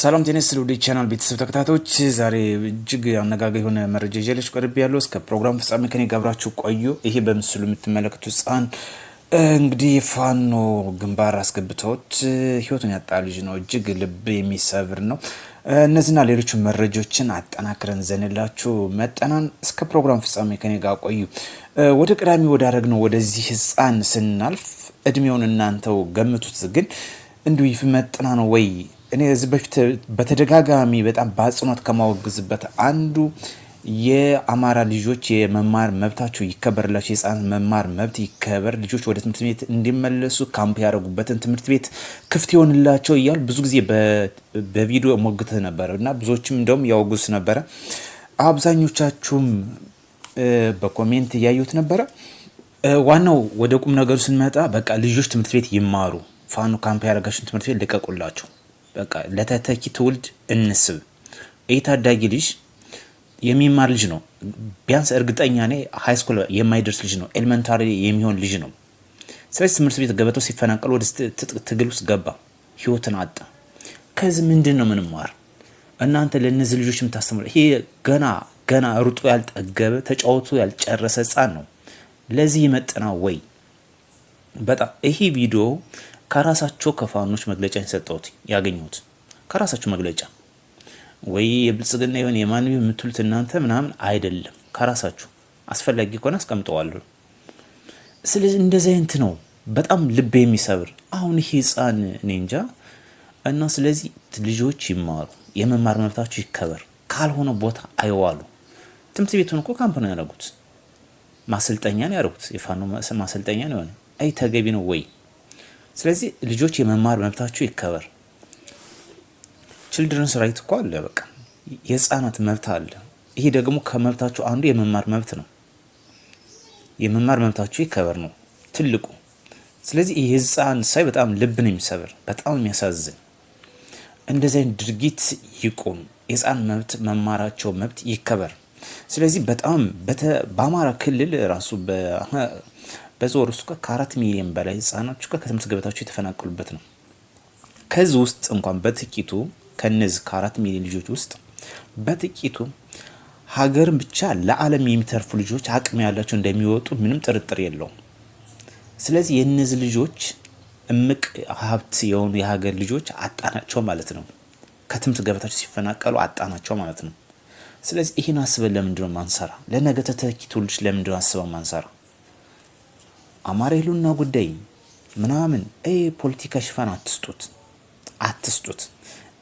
ሰላም ጤና ስለ ውዴ ቻናል ቤተሰብ ተከታታዮች ዛሬ እጅግ አነጋጋሪ የሆነ መረጃ ይዤላችሁ ቀርብ ያለው እስከ ፕሮግራም ፍጻሜ ከኔ ጋብራችሁ ቆዩ። ይሄ በምስሉ የምትመለከቱ ህፃን እንግዲህ ፋኖ ግንባር አስገብተውት ህይወቱን ያጣ ልጅ ነው። እጅግ ልብ የሚሰብር ነው። እነዚህና ሌሎቹ መረጃዎችን አጠናክረን ዘንላችሁ መጠናን እስከ ፕሮግራም ፍጻሜ ከኔ ጋር ቆዩ። ወደ ቅዳሚ ወዳረግ ነው ወደዚህ ህፃን ስናልፍ እድሜውን እናንተው ገምቱት። ግን እንዲሁ ይፍመጥና ነው ወይ እኔ እዚህ በፊት በተደጋጋሚ በጣም በአጽንኦት ከማወግዝበት አንዱ የአማራ ልጆች የመማር መብታቸው ይከበርላቸው፣ የህፃናት መማር መብት ይከበር፣ ልጆች ወደ ትምህርት ቤት እንዲመለሱ ካምፕ ያደረጉበትን ትምህርት ቤት ክፍት ይሆንላቸው እያሉ ብዙ ጊዜ በቪዲዮ ሞግት ነበረ እና ብዙዎችም እንደውም ያወጉስ ነበረ። አብዛኞቻችሁም በኮሜንት እያዩት ነበረ። ዋናው ወደ ቁም ነገሩ ስንመጣ በቃ ልጆች ትምህርት ቤት ይማሩ፣ ፋኖ ካምፕ ያደረጋችሁን ትምህርት ቤት ልቀቁላቸው። በቃ ለተተኪ ትውልድ እንስብ። ይህ ታዳጊ ልጅ የሚማር ልጅ ነው። ቢያንስ እርግጠኛ ኔ ሃይስኩል የማይደርስ ልጅ ነው። ኤሌመንታሪ የሚሆን ልጅ ነው። ስለዚህ ትምህርት ቤት ገበተው ሲፈናቀል ወደ ትጥቅ ትግል ውስጥ ገባ፣ ህይወትን አጣ። ከዚህ ምንድን ነው ምንማር? እናንተ ለእነዚህ ልጆች የምታስተምሩ ይሄ ገና ገና ሩጦ ያልጠገበ ተጫወቱ ያልጨረሰ ህፃን ነው። ለዚህ ይመጥና ወይ? በጣም ይሄ ቪዲዮ ከራሳቸው ከፋኖች መግለጫ የሰጠሁት ያገኘሁት ከራሳቸው መግለጫ ወይ የብልጽግና የሆነ የማን የምትሉት እናንተ ምናምን አይደለም። ከራሳችሁ አስፈላጊ ከሆነ አስቀምጠዋለሁ። ስለዚህ እንደዚህ አይነት ነው በጣም ልብ የሚሰብር አሁን ይሄ ህፃን እኔ እንጃ እና ስለዚህ ልጆች ይማሩ፣ የመማር መብታቸው ይከበር። ካልሆነ ቦታ አይዋሉ። ትምህርት ቤቱን እኮ ካምፕ ነው ያደረጉት፣ ማሰልጠኛ ነው ያደረጉት፣ የፋኖ ማሰልጠኛ ነው የሆነ። አይ ተገቢ ነው ወይ? ስለዚህ ልጆች የመማር መብታቸው ይከበር። ችልድረንስ ራይት እኮ አለ፣ በቃ የህፃናት መብት አለ። ይሄ ደግሞ ከመብታቸው አንዱ የመማር መብት ነው። የመማር መብታቸው ይከበር ነው ትልቁ። ስለዚህ ይህ ህፃን ሳይ በጣም ልብን የሚሰብር በጣም የሚያሳዝን እንደዚህ አይነት ድርጊት ይቁም። የህፃን መብት መማራቸው መብት ይከበር። ስለዚህ በጣም በአማራ ክልል ራሱ በዚህ ውስጥ ከአራት ሚሊዮን በላይ ህጻናት ከትምህርት ገበታቸው የተፈናቀሉበት ነው። ከዚህ ውስጥ እንኳን በጥቂቱ ከነዚህ ከአራት ሚሊዮን ልጆች ውስጥ በጥቂቱ ሀገርን ብቻ ለዓለም የሚተርፉ ልጆች አቅም ያላቸው እንደሚወጡ ምንም ጥርጥር የለውም። ስለዚህ የእነዚህ ልጆች እምቅ ሀብት የሆኑ የሀገር ልጆች አጣናቸው ማለት ነው። ከትምህርት ገበታቸው ሲፈናቀሉ አጣናቸው ማለት ነው። ስለዚህ ይህን አስበን ለምንድነው ማንሰራ? ለነገ ተተኪ ትውልድ ለምንድነው አስበን ማንሰራ? አማራ የህልውና ጉዳይ ምናምን ፖለቲካ ሽፋን አትስጡት፣ አትስጡት።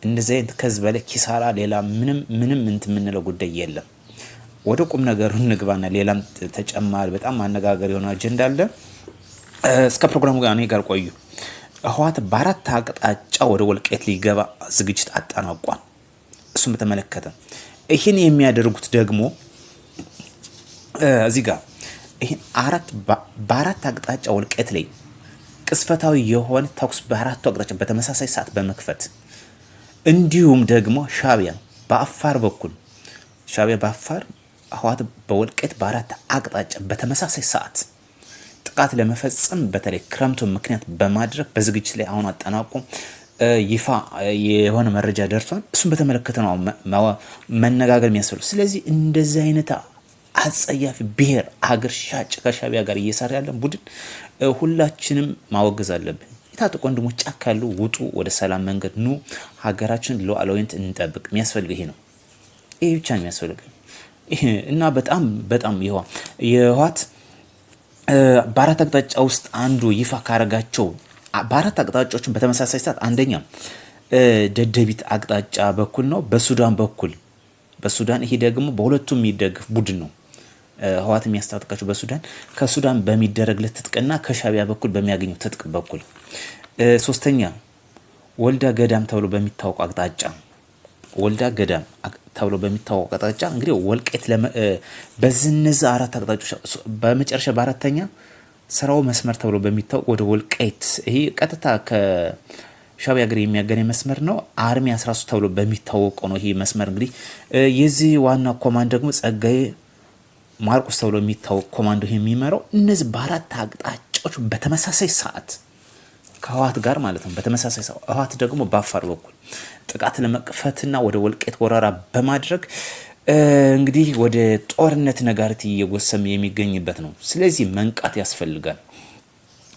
እንደዚህ አይነት ከዚህ በላይ ኪሳራ ሌላ ምንም ምንም እንትን የምንለው ጉዳይ የለም። ወደ ቁም ነገሩ እንግባና ሌላም ተጨማሪ በጣም አነጋገር የሆነ አጀንዳ አለ። እስከ ፕሮግራሙ ጋር እኔ ጋር ቆዩ። ህወሓት በአራት አቅጣጫ ወደ ወልቃይት ሊገባ ዝግጅት አጠናቋል። እሱም በተመለከተ ይህን የሚያደርጉት ደግሞ እዚህ ጋር ይህን አራት በአራት አቅጣጫ ወልቃይት ላይ ቅስፈታዊ የሆነ ተኩስ በአራቱ አቅጣጫ በተመሳሳይ ሰዓት በመክፈት እንዲሁም ደግሞ ሻቢያ በአፋር በኩል ሻቢያ በአፋር ህወሓት በወልቃይት በአራት አቅጣጫ በተመሳሳይ ሰዓት ጥቃት ለመፈጸም በተለይ ክረምቱን ምክንያት በማድረግ በዝግጅት ላይ አሁን አጠናቆ ይፋ የሆነ መረጃ ደርሷል። እሱን በተመለከተ ነው መነጋገር የሚያስፈልግ። ስለዚህ እንደዚህ አይነት አጸያፊ ብሔር አገር ሻጭ ከሻቢያ ጋር እየሰራ ያለን ቡድን ሁላችንም ማወገዝ አለብን። የታጠቁ ወንድሞች ጫካ ያሉ ውጡ፣ ወደ ሰላም መንገድ ኑ፣ ሀገራችን ሉዓላዊነት እንጠብቅ። የሚያስፈልግ ይሄ ነው። ይሄ ብቻ ነው የሚያስፈልግ እና በጣም በጣም የህወሓት በአራት አቅጣጫ ውስጥ አንዱ ይፋ ካረጋቸው በአራት አቅጣጫዎችን በተመሳሳይ ሰዓት አንደኛ ደደቢት አቅጣጫ በኩል ነው፣ በሱዳን በኩል በሱዳን ይሄ ደግሞ በሁለቱም የሚደግፍ ቡድን ነው። ህዋት የሚያስታጥቃቸው በሱዳን ከሱዳን በሚደረግለት ትጥቅና ከሻቢያ በኩል በሚያገኘው ትጥቅ በኩል ሶስተኛ ወልዳ ገዳም ተብሎ በሚታወቅ አቅጣጫ ወልዳ ገዳም ተብሎ በሚታወቅ አቅጣጫ እንግዲህ ወልቄት በዝንዝ አራት አቅጣጫ በመጨረሻ በአራተኛ ስራው መስመር ተብሎ በሚታወቅ ወደ ወልቄት ይሄ ቀጥታ ከሻቢያ ጋር የሚያገናኝ መስመር ነው። አርሚ 13 ተብሎ በሚታወቀው ነው ይሄ መስመር እንግዲህ የዚህ ዋና ኮማንድ ደግሞ ጸጋዬ ማርቆስ ተብሎ የሚታወቅ ኮማንዶ የሚመራው እነዚህ በአራት አቅጣጫዎች በተመሳሳይ ሰዓት ከህዋት ጋር ማለት ነው። በተመሳሳይ ሰዓት ህዋት ደግሞ በአፋር በኩል ጥቃት ለመቅፈትና ወደ ወልቄት ወረራ በማድረግ እንግዲህ ወደ ጦርነት ነጋሪት እየጎሰም የሚገኝበት ነው። ስለዚህ መንቃት ያስፈልጋል፣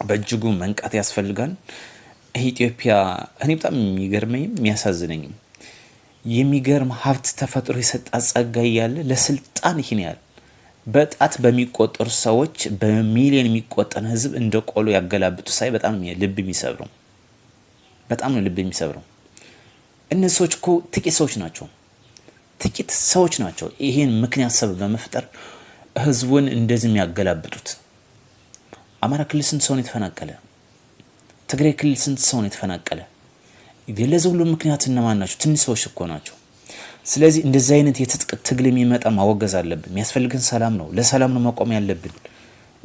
በእጅጉ መንቃት ያስፈልጋል። ኢትዮጵያ እኔ በጣም የሚገርመኝም የሚያሳዝነኝም የሚገርም ሀብት ተፈጥሮ የሰጣ ጸጋ እያለ ለስልጣን ይህን ያህል በጣት በሚቆጠሩ ሰዎች በሚሊዮን የሚቆጠር ህዝብ እንደ ቆሎ ያገላብጡ ሳይ በጣም ልብ የሚሰብሩ በጣም ነው ልብ የሚሰብረው። እነዚህ ሰዎች እኮ ጥቂት ሰዎች ናቸው፣ ጥቂት ሰዎች ናቸው ይሄን ምክንያት ሰብ በመፍጠር ህዝቡን እንደዚህ የሚያገላብጡት። አማራ ክልል ስንት ሰውን የተፈናቀለ? ትግራይ ክልል ስንት ሰውን የተፈናቀለ? ለዚህ ሁሉ ምክንያት እነማን ናቸው? ትንሽ ሰዎች እኮ ናቸው። ስለዚህ እንደዚህ አይነት ትግል የሚመጣ ማወገዝ አለብን። የሚያስፈልግን ሰላም ነው። ለሰላም ነው መቆም ያለብን።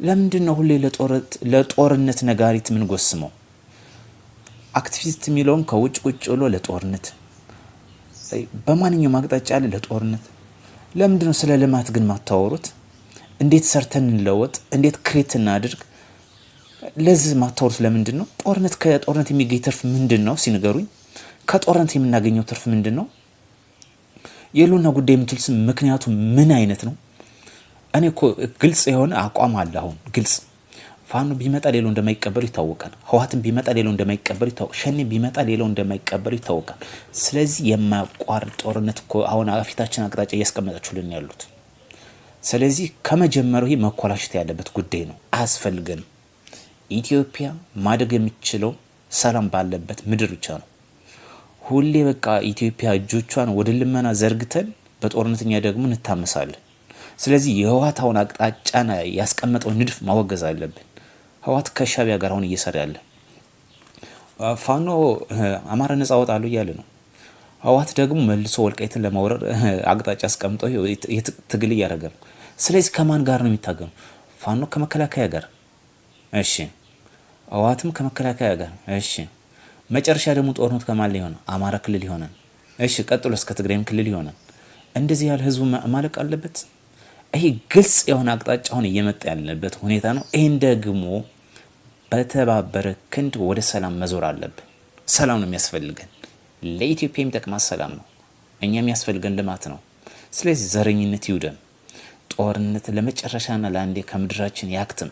ለምንድን ነው ሁሌ ለጦርነት ነጋሪት ጎስመው? አክቲቪስት የሚለውም ከውጭ ቁጭ ብሎ ለጦርነት በማንኛውም አቅጣጫ ያለ ለጦርነት። ለምንድን ነው ስለ ልማት ግን ማታወሩት? እንዴት ሰርተን እንለወጥ፣ እንዴት ክሬት እናድርግ፣ ለዚህ ማታወሩት ለምንድን ነው? ጦርነት ከጦርነት የሚገኝ ትርፍ ምንድን ነው ሲንገሩኝ፣ ከጦርነት የምናገኘው ትርፍ ምንድን ነው? የሉና ጉዳይ የምትልስ ምክንያቱ ምን አይነት ነው? እኔ እኮ ግልጽ የሆነ አቋም አለ። አሁን ግልጽ ፋኖ ቢመጣ ሌላው እንደማይቀበሉ ይታወቃል። ህዋትን ቢመጣ ሌላው እንደማይቀበሉ ይታወቃል። ሸኔ ቢመጣ ሌላው እንደማይቀበሉ ይታወቃል። ስለዚህ የማያቋርጥ ጦርነት እኮ አሁን ፊታችን አቅጣጫ እያስቀመጣችሁልን ያሉት። ስለዚህ ከመጀመሪያው ይህ መኮላሸት ያለበት ጉዳይ ነው፣ አያስፈልገንም። ኢትዮጵያ ማደግ የሚችለው ሰላም ባለበት ምድር ብቻ ነው። ሁሌ በቃ ኢትዮጵያ እጆቿን ወደ ልመና ዘርግተን በጦርነተኛ ደግሞ እንታመሳለን። ስለዚህ የህወሓት አሁን አቅጣጫን ያስቀመጠውን ንድፍ ማወገዝ አለብን። ህወሓት ከሻቢያ ጋር አሁን እየሰራ ያለ ፋኖ አማራ ነጻ ወጣሉ እያለ ነው። ህወሓት ደግሞ መልሶ ወልቃይትን ለማውረር አቅጣጫ አስቀምጦ ትግል እያደረገ ነው። ስለዚህ ከማን ጋር ነው የሚታገኑ? ፋኖ ከመከላከያ ጋር እሺ፣ ህወሓትም ከመከላከያ ጋር እሺ መጨረሻ ደግሞ ጦርነት ከማን ላይ ሆነ? አማራ ክልል ይሆናል። እሺ ቀጥሎ እስከ ትግራይም ክልል ይሆናል። እንደዚህ ያለ ህዝቡ ማለቅ አለበት። ይሄ ግልጽ የሆነ አቅጣጫ አሁን እየመጣ ያለበት ሁኔታ ነው። ይህን ደግሞ በተባበረ ክንድ ወደ ሰላም መዞር አለብን። ሰላም ነው የሚያስፈልገን። ለኢትዮጵያ የሚጠቅማት ሰላም ነው፣ እኛ የሚያስፈልገን ልማት ነው። ስለዚህ ዘረኝነት ይውደም፣ ጦርነት ለመጨረሻና ለአንዴ ከምድራችን ያክትም።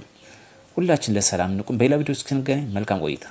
ሁላችን ለሰላም ንቁም። በሌላ ቪዲዮ እስክንገናኝ መልካም ቆይታ